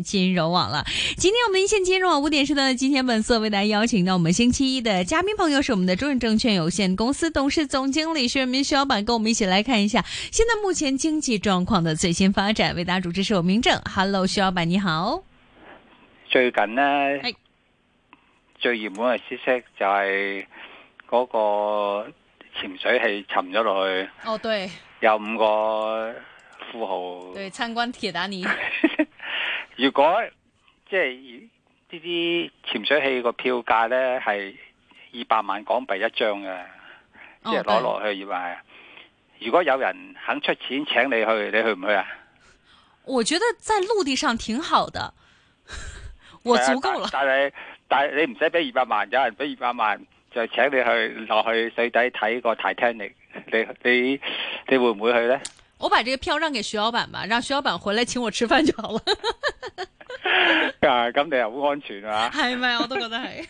金融網了，今天我們一線金融網五點時段的金錢本色為大家邀請到我們星期一的嘉賓朋友是我們的中信證券有限公司董事總經理徐潤民。徐老闆，跟我們一起來看一下現在目前經濟狀況的最新發展。為大家主持是我明正，Hello 徐老闆你好。最近呢，Hey. 最熱門嘅消息就係嗰個潛水器沉咗落去。哦、oh, 對，有五個富豪對參觀鐵達尼。 如果即係呢啲潛水器個票價咧，係二百萬港幣一張嘅，即係攞落去而埋，如果有人肯出錢請你去，你去唔去啊？我覺得在陸地上挺好的， 我足夠了。但係但係你唔使俾二百萬，有人俾二百萬就請你去落去水底睇個 Titanic，你你你會唔會去呢？我把這個票讓給徐老闆吧，讓徐老闆回來請我吃飯就好了。咁、 啊、你又好安全啊？係咪？我都覺得係。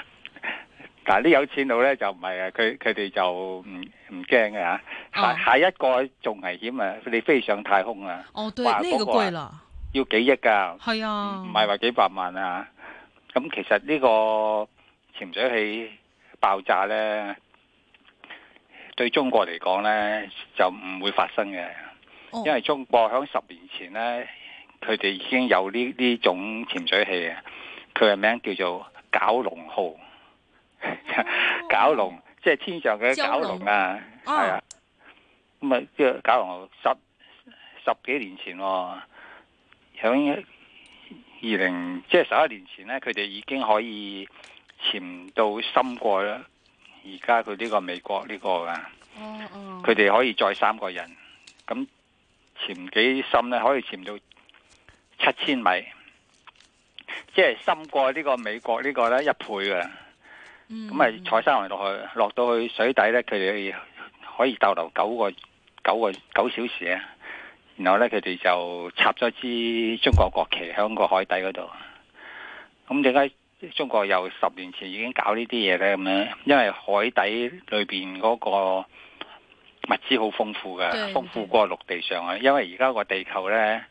但係啲有錢佬呢，就唔係啊，佢佢哋就唔唔驚嘅吓。下一個仲危險啊！你飛上太空啊？哦，對，呢、啊、個貴啦、啊，要幾億㗎。係啊，唔係話幾百萬啊？咁、嗯、其實呢個潛水器爆炸呢。對中國嚟講呢，就唔會發生嘅，因為中國響十年前呢，佢哋已經有呢呢種潛水器、 就是、啊，佢嘅名叫做蛟龍號，蛟龍即係天上嘅蛟龍啊，係啊，咁啊，即係蛟龍號十十幾年前喎、哦，響二零即係十一年前呢，佢哋已經可以潛到深過啦。而家佢呢個美國呢個噶，佢哋、oh, um. 可以載三個人，咁潛幾深呢？可以潛到七千米，即係深過呢個美國呢個咧一倍啊！咁咪坐三圍落去，落到去水底呢，佢哋可以逗留九個九個九小時啊！然後呢，佢哋就插咗支中國國旗喺個海底嗰度，咁點解？中國由十年前已經搞呢啲嘢咧，咁樣，因為海底裏邊嗰個物資好豐富嘅，對對豐富過陸地上啊。因為而家個地球咧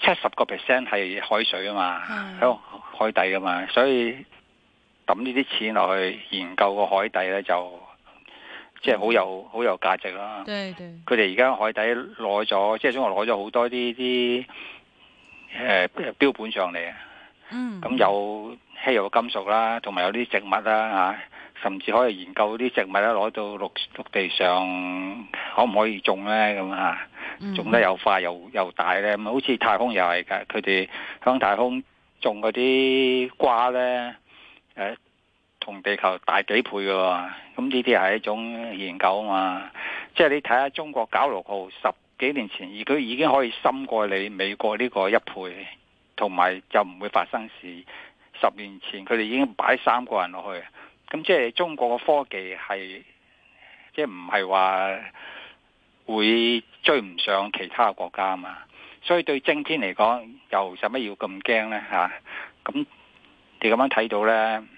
七十個 percent 係海水啊嘛，喺的海底啊嘛，所以抌呢啲錢落去研究個海底咧，就即係好有好、嗯、有價值啦。佢哋而家海底攞咗，即係中國攞咗好多啲啲誒標本上嚟。嗯，咁有。稀有金屬啦，同埋有啲植物啦，啊，甚至可以研究啲植物啦，攞到陸陸地上可唔可以種呢？咁啊，種得又快又又大呢，好似太空又係噶，佢哋響太空種嗰啲瓜呢，誒、啊，同地球大幾倍噶，咁呢啲係一種研究啊嘛。即係你睇下中國蛟龍號十幾年前，而佢已經可以深過你美國呢個一倍，同埋就唔會發生事。十年前佢哋已經擺三個人落去，咁即係中國嘅科技係，即係唔係話會追唔上其他國家啊嘛。所以對晶片嚟講，又使乜要咁驚呢？吓、啊？咁你咁樣睇到呢，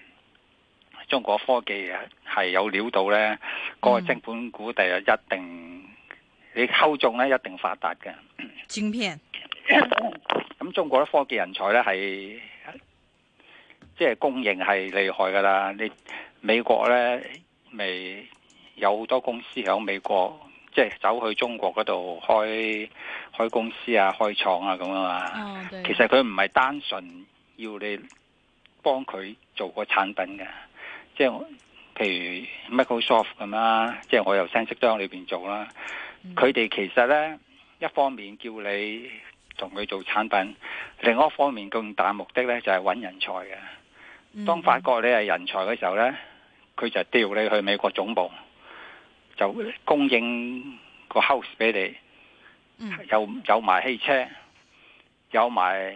中國科技係有料到呢，嗰個晶片股第日一定、嗯、你抽中咧，一定發達嘅。晶片，咁 中國嘅科技人才呢係。即係供應係厲害噶啦！你美國咧，未有好多公司響美國，即係走去中國嗰度開開公司啊、開廠啊咁啊嘛。Oh, 對其實佢唔係單純要你幫佢做個產品嘅，即係譬如 Microsoft 咁啦，即係我由 Sense 都喺裏邊做啦。佢哋、mm. 其實咧一方面叫你同佢做產品，另外一方面更大目的咧就係、是、揾人才嘅。嗯、當發覺你係人才嘅時候呢，佢就調你去美國總部，就供應個 house 俾你，嗯、有又埋汽車，有埋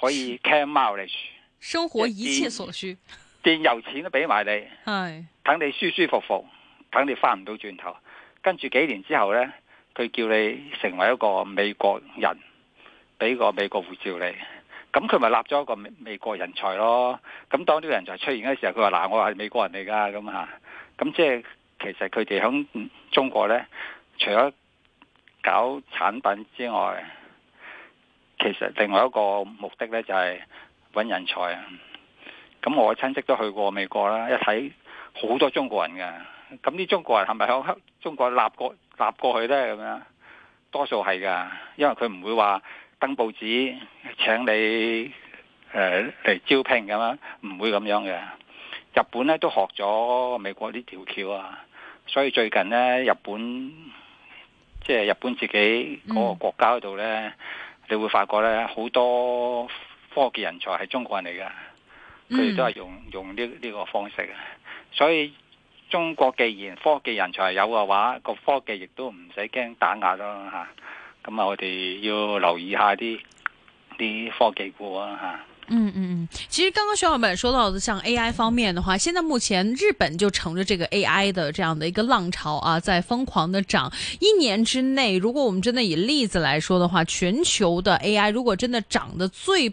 可以 claim mileage 生活一切所需，電，電油錢都畀埋你，係 等你舒舒服服，等你翻唔到轉頭，跟住幾年之後呢，佢叫你成為一個美國人，俾個美國護照你。咁佢咪立咗一個美國人才咯？咁當呢個人才出現嘅時候，佢話嗱，我係美國人嚟噶咁啊！咁即係其實佢哋響中國咧，除咗搞產品之外，其實另外一個目的咧就係、是、搵人才啊！咁我親戚都去過美國啦，一睇好多中國人嘅。咁啲中國人係咪響中國立過立過去咧？咁樣多數係噶，因為佢唔會話。登報紙請你誒嚟、呃、招聘咁啊，唔會咁樣嘅。日本咧都學咗美國呢條橋啊，所以最近咧日本即係日本自己嗰個國家嗰度咧，嗯、你會發覺咧好多科技人才係中國人嚟嘅，佢哋都係用用呢呢、呢個方式啊。所以中國既然科技人才有嘅話，個科技亦都唔使驚打壓咯、啊、嚇。咁啊，我哋要留意下啲啲科技股啊吓。嗯嗯嗯，其實剛剛小夥伴們說到的，像 A I 方面的話，現在目前日本就乘着這個 A I 的這樣的一個浪潮啊，在瘋狂的漲。一年之內，如果我們真的以例子來說的話，全球的 A I 如果真的漲得最。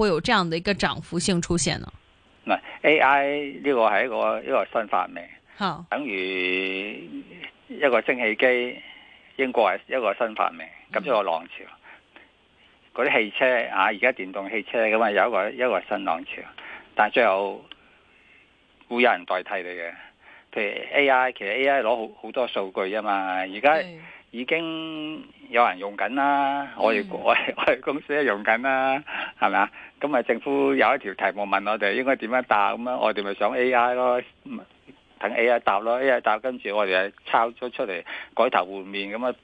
會有這樣的一個漲幅性出現呢？唔係 AI 呢個係一個一個新發明，好等於一個蒸汽機，英國係一個新發明，咁一個浪潮。嗰啲、嗯、汽車啊，而家電動汽車咁啊、嗯，有一個，有一個，有一個新浪潮，但係最後會有人代替你嘅。譬如 AI，其實 AI 攞好好多數據啊嘛，而家。已經有人用緊啦、嗯，我哋我哋公司都用緊啦，係咪啊？咁啊，政府有一條題目問我哋應該點樣答，咁啊，我哋咪上 A I 咯，等 A I 答咯，A I 答，跟住我哋係抄咗出嚟改頭換面，咁啊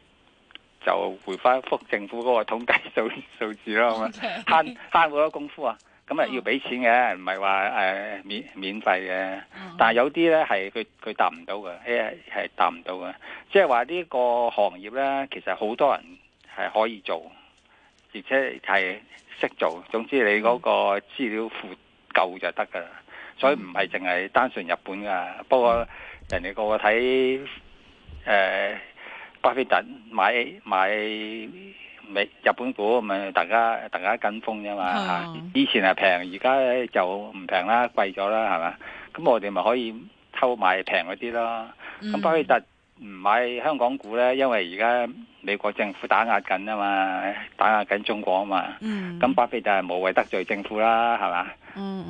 就回翻覆政府嗰個統計數數字咯，咁啊慳返好多功夫啊！咁啊、嗯、要俾錢嘅，唔係話誒免免費嘅。嗯、但係有啲咧係佢佢答唔到嘅，係係答唔到嘅。即係話呢個行業咧，其實好多人係可以做，而且係識做。總之你嗰個資料闊夠就得噶啦。所以唔係淨係單純日本噶。不過、嗯、人哋個個睇誒巴菲特買買。買買日本股咪大家大家跟風啫嘛，以前係平，而家就唔平啦，貴咗啦，係嘛？咁我哋咪可以偷買平嗰啲咯。咁巴菲特唔買香港股咧，因為而家美國政府打壓緊啊嘛，打壓緊中國啊嘛。咁巴菲特係無謂得罪政府啦，係嘛？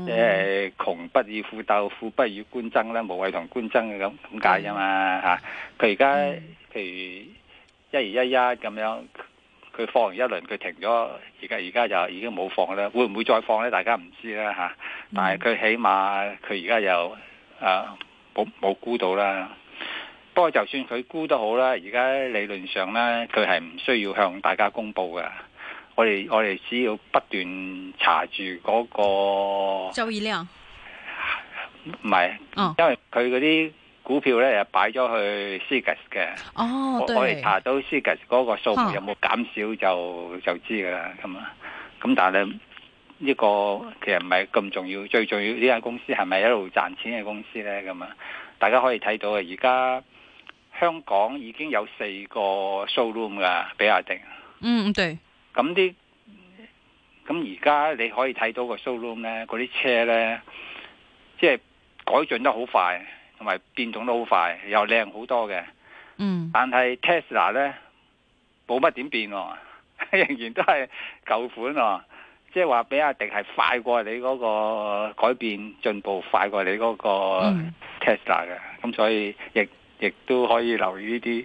即係窮不與富鬥，富不與官爭啦，無謂同官爭咁咁解啫嘛嚇。佢而家譬如一二一一咁樣。佢放完一輪，佢停咗，而家而家就已經冇放啦。會唔會再放呢？大家唔知啦嚇、啊。但係佢起碼佢而家又啊冇冇估到啦。不過就算佢估得好啦，而家理論上呢，佢係唔需要向大家公布㗎。我哋我哋只要不斷查住嗰、那個。周以亮。唔係是，哦、因為佢嗰啲。股票咧又擺咗去 Siegus 嘅、oh, 對， 我我嚟查到 Siegus 嗰個數目有冇減少就 Huh. 就知噶啦咁啊，咁但係咧呢個其實唔係咁重要，最重要呢間、這個、公司係咪一路賺錢嘅公司咧咁啊？大家可以睇到啊，而家香港已經有四個 showroom 噶，比亞迪。嗯，mm, 對。咁啲咁而家你可以睇到個 showroom 咧，嗰啲車咧，即、就、係、是、改進得好快。同埋變種都好快，又靚好多嘅。嗯、mm.，但係 Tesla 咧冇乜點變喎、啊，仍然都係舊款咯、啊。即係話比亞迪係快過你嗰個改變進步，快過你嗰個 Tesla 嘅。咁所以亦亦都可以留意呢啲。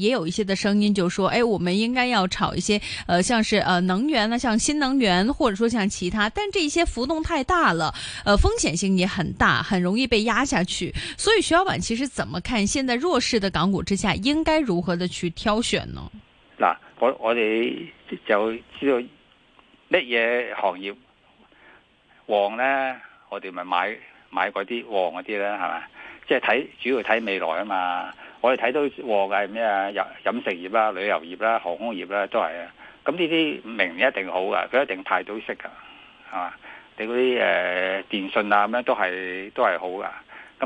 也有一些的聲音就說，誒、哎，我們應該要炒一些，誒、呃，像是誒、呃、能源呢，像新能源，或者說像其他，但這些浮動太大了，誒、呃，風險性也很大，很容易被壓下去。所以徐老闆其實怎麼看現在弱勢的港股之下，應該如何的去挑選呢？嗱，我我哋就知道乜嘢行業旺呢，我哋咪買買嗰啲旺嗰啲啦，係咪？即係睇主要睇未來啊嘛。我哋睇到旺嘅係咩啊？飲飲食業啦、旅遊業啦、航空業啦，都係啊！咁呢啲明年一定好噶，佢一定派到息噶，係嘛？你嗰啲誒電信啊咁樣都係都係好噶。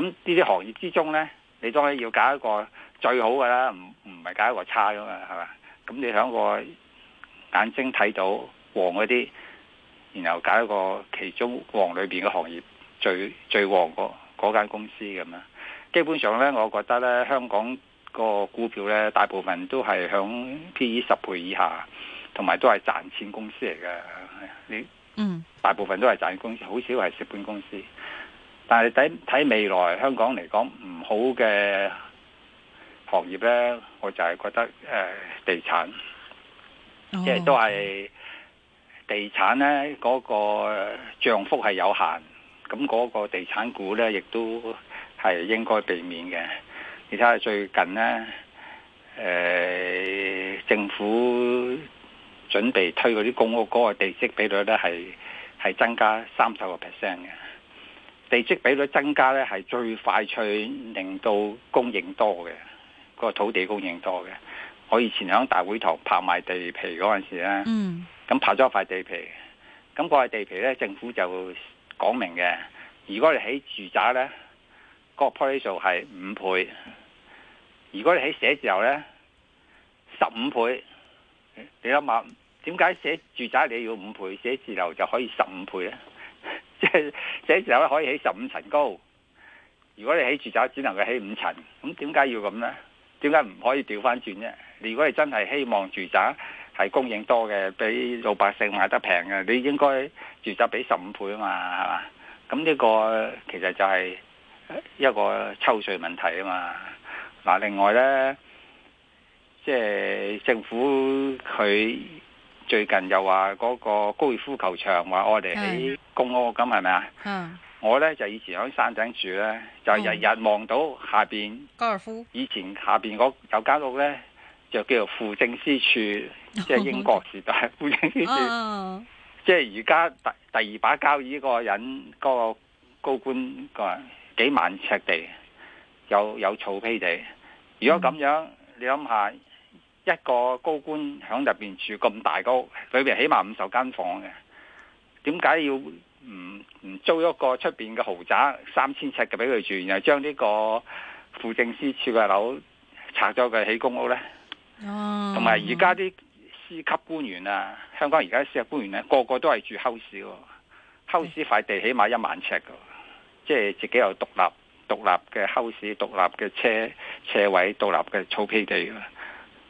咁呢啲行業之中呢，你當然要搞一個最好噶啦，唔唔係搞一個差噶嘛，係嘛？咁你喺個眼睛睇到旺嗰啲，然後搞一個其中旺裏邊嘅行業最最旺嗰間公司咁樣。基本上咧，我覺得咧，香港個股票咧，大部分都係響 P/E 十倍以下，同埋都係賺錢公司嚟嘅。你嗯，大部分都係賺公司，好少係蝕本公司。但係睇睇未來香港嚟講唔好嘅行業咧，我就係覺得誒、呃、地產，即係都係地產咧嗰、那個漲幅係有限，咁、那、嗰個地產股咧亦都。係應該避免嘅。你睇下最近咧，誒、呃、政府準備推嗰啲公屋嗰、嗰個地積比率咧，係係增加三十個 percent 嘅。地積比率增加咧，係最快脆令到供應多嘅，嗰個土地供應多嘅。我以前響大會堂拍賣地皮嗰陣時咧，咁拍咗一塊地皮，咁、那、嗰個地皮咧，政府就講明嘅，如果你喺住宅咧。個 plot ratio 係五倍。如果你喺寫字樓呢，十五倍，你諗下點解寫住宅你要五倍，寫字樓就可以十五倍呢？即 係寫字樓可以起十五層高。如果你起住宅，只能夠起五層，咁點解要咁呢？點解唔可以調翻轉呢？如果你真係希望住宅係供應多嘅，俾老百姓買得平嘅，你應該住宅俾十五倍啊嘛，係嘛？咁呢個其實就係、是。一個抽稅問題嘛，啊嘛，嗱，另外呢，即係政府佢最近又話嗰個高爾夫球場話我哋起公屋，咁係咪啊？的吧我呢就以前喺山頂住呢，就日日望到下邊、嗯、高爾夫。以前下邊嗰，有間屋呢，就叫做輔政司處，即、就、係、是、英國時代輔政 司處，啊、即係而家第第二把交椅嗰、那個、個人，嗰個高官個人。幾萬尺地，有有草皮地。如果咁樣，你諗下，一個高官響入邊住咁大個，裏邊起碼五十間房嘅，點解要唔唔租一個出邊嘅豪宅三千尺嘅俾佢住，然後將呢個副政司處嘅樓拆咗佢起公屋呢？同埋而家啲司級官員啊，香港而家司級官員呢、啊，個個都係住厚市嘅，厚市塊地起碼一萬尺嘅。即係自己有獨立獨立嘅 house、獨立嘅車車位、獨立嘅草皮地啦。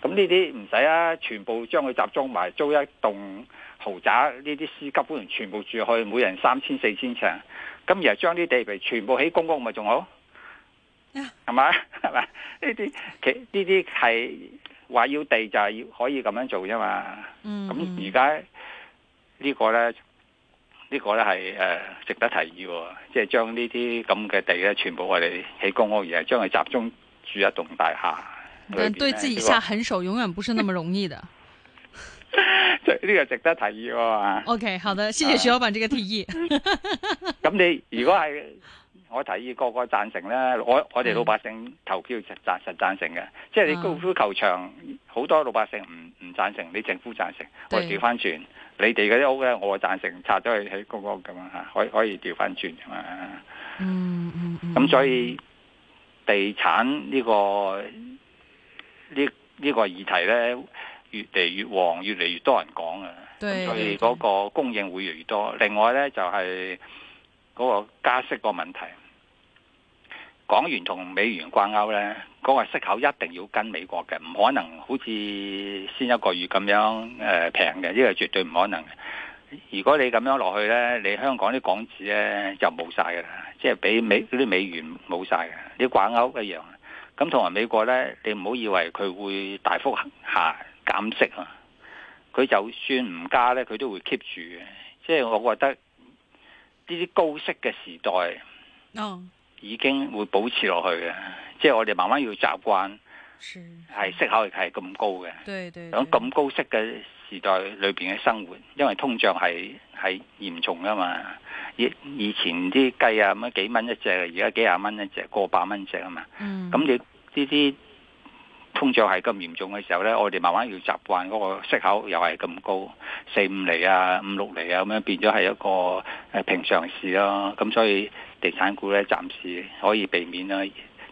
咁呢啲唔使啊，全部將佢集中埋，租一棟豪宅，呢啲私家僱員全部住去，每人三千四千尺。咁然後將啲地皮全部起公屋咪仲好？係嘛 Yeah. 是吧？係 嘛？呢啲其呢啲係話要地就係要可以咁樣做啫嘛。咁而家呢個咧？呢個咧係誒值得提議，即係將呢啲咁嘅地咧，全部我哋起公屋，而係將佢集中住一棟大廈。嗯，對自己下狠手永遠不是那麼容易的。即呢 個值得提議啊。OK，好的，謝謝徐老闆這個提議。咁 你如果係我提議，個個贊成咧，我我哋老百姓投票實贊實贊成嘅，嗯、即係你高爾夫球場好、啊、多老百姓唔唔贊成，你政府贊成，對我調翻轉。你哋嗰啲屋咧，我贊成拆咗去喺嗰個咁啊，可以可以調翻轉噶嘛。嗯咁、嗯嗯、所以地產呢、呢個呢呢、呢個議題咧，越嚟越旺，越嚟越多人講啊。對，所以嗰個供應會越嚟越多。另外咧就係、是、嗰個加息個問題。港元同美元掛鈎呢，嗰個息口一定要跟美國嘅，唔可能好似先一個月咁樣誒平嘅，呢個絕對唔可能。如果你咁樣落去呢，你香港啲港紙呢就冇晒嘅啦，即係俾美啲美元冇曬嘅，啲掛鈎一樣。咁同埋美國呢，你唔好以為佢會大幅下減息啊！佢就算唔加呢，佢都會 keep 住嘅。即係我覺得呢啲高息嘅時代。Oh. 已經會保持落去嘅，即係我哋慢慢要習慣，係息口係咁高嘅。咁高息嘅時代裏邊嘅生活，因為通脹係係嚴重噶嘛。以以前啲雞啊咁樣幾蚊一隻，而家幾廿蚊一隻，過百蚊隻啊嘛。咁、嗯、你呢啲通脹係咁嚴重嘅時候呢，我哋慢慢要習慣嗰個息口又係咁高，四五厘啊，五六厘啊咁樣，變咗係一個平常事咯。咁所以。地產股咧，暫時可以避免啦，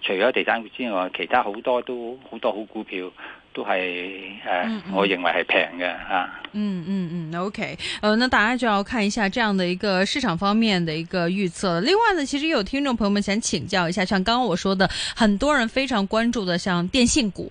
除咗地產股之外，其他好多都好多好股票都係誒，呃嗯、我認為係平嘅啊。嗯嗯嗯，OK，誒、呃，那大家就要看一下這樣的一個市場方面的一個預測。另外呢，其實有聽眾朋友們想請教一下，像剛剛我說的，很多人非常關注的，像電信股。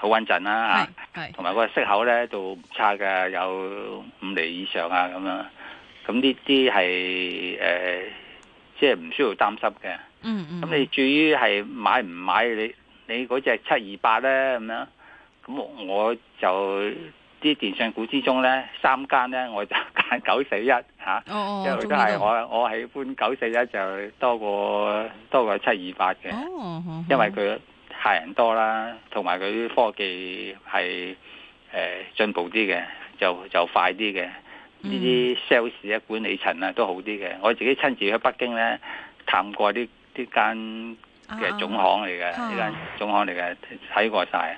好穩陣啦，啊，同埋個息口咧都唔差嘅，有五厘以上啊，咁樣，咁呢啲係誒，即係唔需要擔心嘅，嗯。嗯嗯。咁你至於係買唔買你你嗰隻七二八咧咁樣，咁我就啲電信股之中咧，三間咧我就揀九四一吓，哦哦哦因為都係我我喜歡九四一就多過，嗯、多過七二八嘅，嗯嗯、因為佢。客人多啦，同埋佢啲科技係誒、呃、進步啲嘅，就就快啲嘅。呢啲 sales 啊，售管理層啊都好啲嘅。我自己親自去北京咧探過呢呢間嘅總行嚟嘅，呢、啊、間總行嚟嘅睇過晒。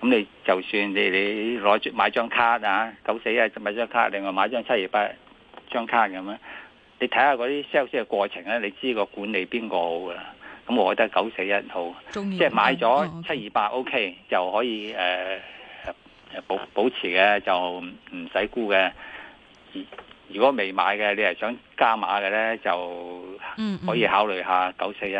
咁你就算你你攞住買張卡啊，九四一啊買張卡，另外買張七二八張卡咁樣，你睇下嗰啲 sales 嘅過程咧，你知個管理邊個好㗎。咁我覺得九四一號，業即係買咗七二八 OK,、哦、okay. 就可以誒誒、呃、保保持嘅就唔使沽嘅。如果未買嘅，你係想？加碼的呢，就可以考慮下九四一，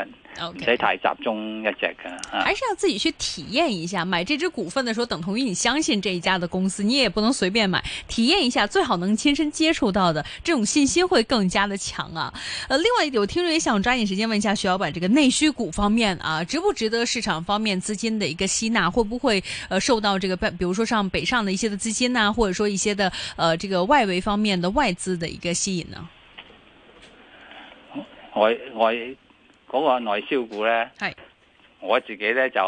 唔使太集中一隻嘅。Okay. 啊、還是要自己去體驗一下，買這隻股份的時候，等同於你相信這一家的公司，你也不能隨便買。體驗一下，最好能親身接觸到的，這種信心會更加的強啊！呃，另外有聽眾也想抓緊時間問一下徐老闆，這個內需股方面啊，值不值得市場方面資金的一個吸納？會不會呃受到這個比如說像北上的一些的資金呢、啊，或者說一些的呃這個外圍方面的外資的一個吸引呢？我，我，嗰個內銷股咧，係是我自己咧就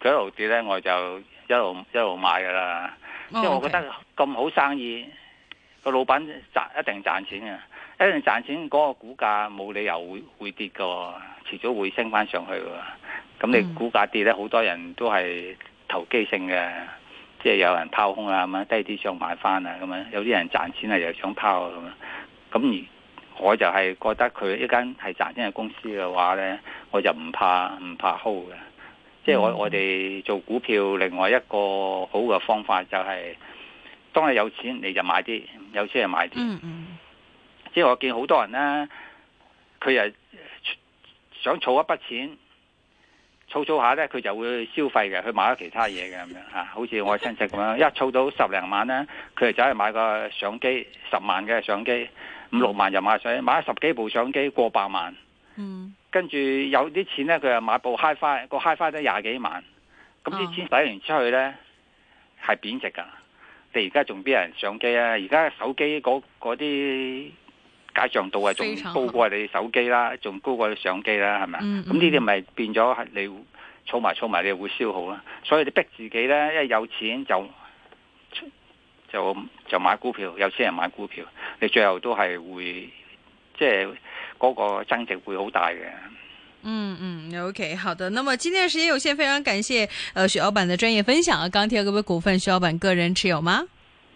佢一路跌咧，我就一路一路買噶啦。Oh, okay. 因為我覺得咁好生意，個老闆賺一定賺錢嘅，一定賺錢，嗰個股價冇理由會會跌噶，遲早會升翻上去噶。咁你股價跌咧，好多人都係投機性嘅，即係有人拋空啊咁樣，低啲想買翻啊咁樣，有啲人賺錢啊又想拋咁樣，咁而。我就係覺得佢一間係賺錢嘅公司嘅話呢，我就唔怕唔怕 hold 嘅。即係我我哋做股票，另外一個好嘅方法就係、是，當你有錢你就買啲，有錢就買啲。即係我見好多人呢，佢係想儲一筆錢。儲儲下咧，佢就會消費嘅，佢買咗其他嘢嘅咁樣吓，好似我親戚咁樣，一儲到十零萬咧，佢就走去買個相機，十萬嘅相機，五六萬又買相機，買咗十幾部相機過百萬。嗯，跟住有啲錢咧，佢又買部 hifi 個 hifi 都廿幾萬。咁啲錢使完出去咧，係貶值噶。你而家仲邊有人相機啊？而家手機嗰啲。加上到係，仲高過你手機啦，仲高過你相機啦，係咪啊？咁呢啲咪變咗係你儲埋儲埋，你會消耗啦。所以你逼自己咧，一有錢就就就買股票，有錢人買股票，你最後都係會即係嗰個增值會好大嘅、嗯。嗯嗯，OK，好的。那麼今天時間有限，非常感謝誒徐、呃、老闆的專業分享啊。鋼鐵有有股份，徐老闆個人持有嗎？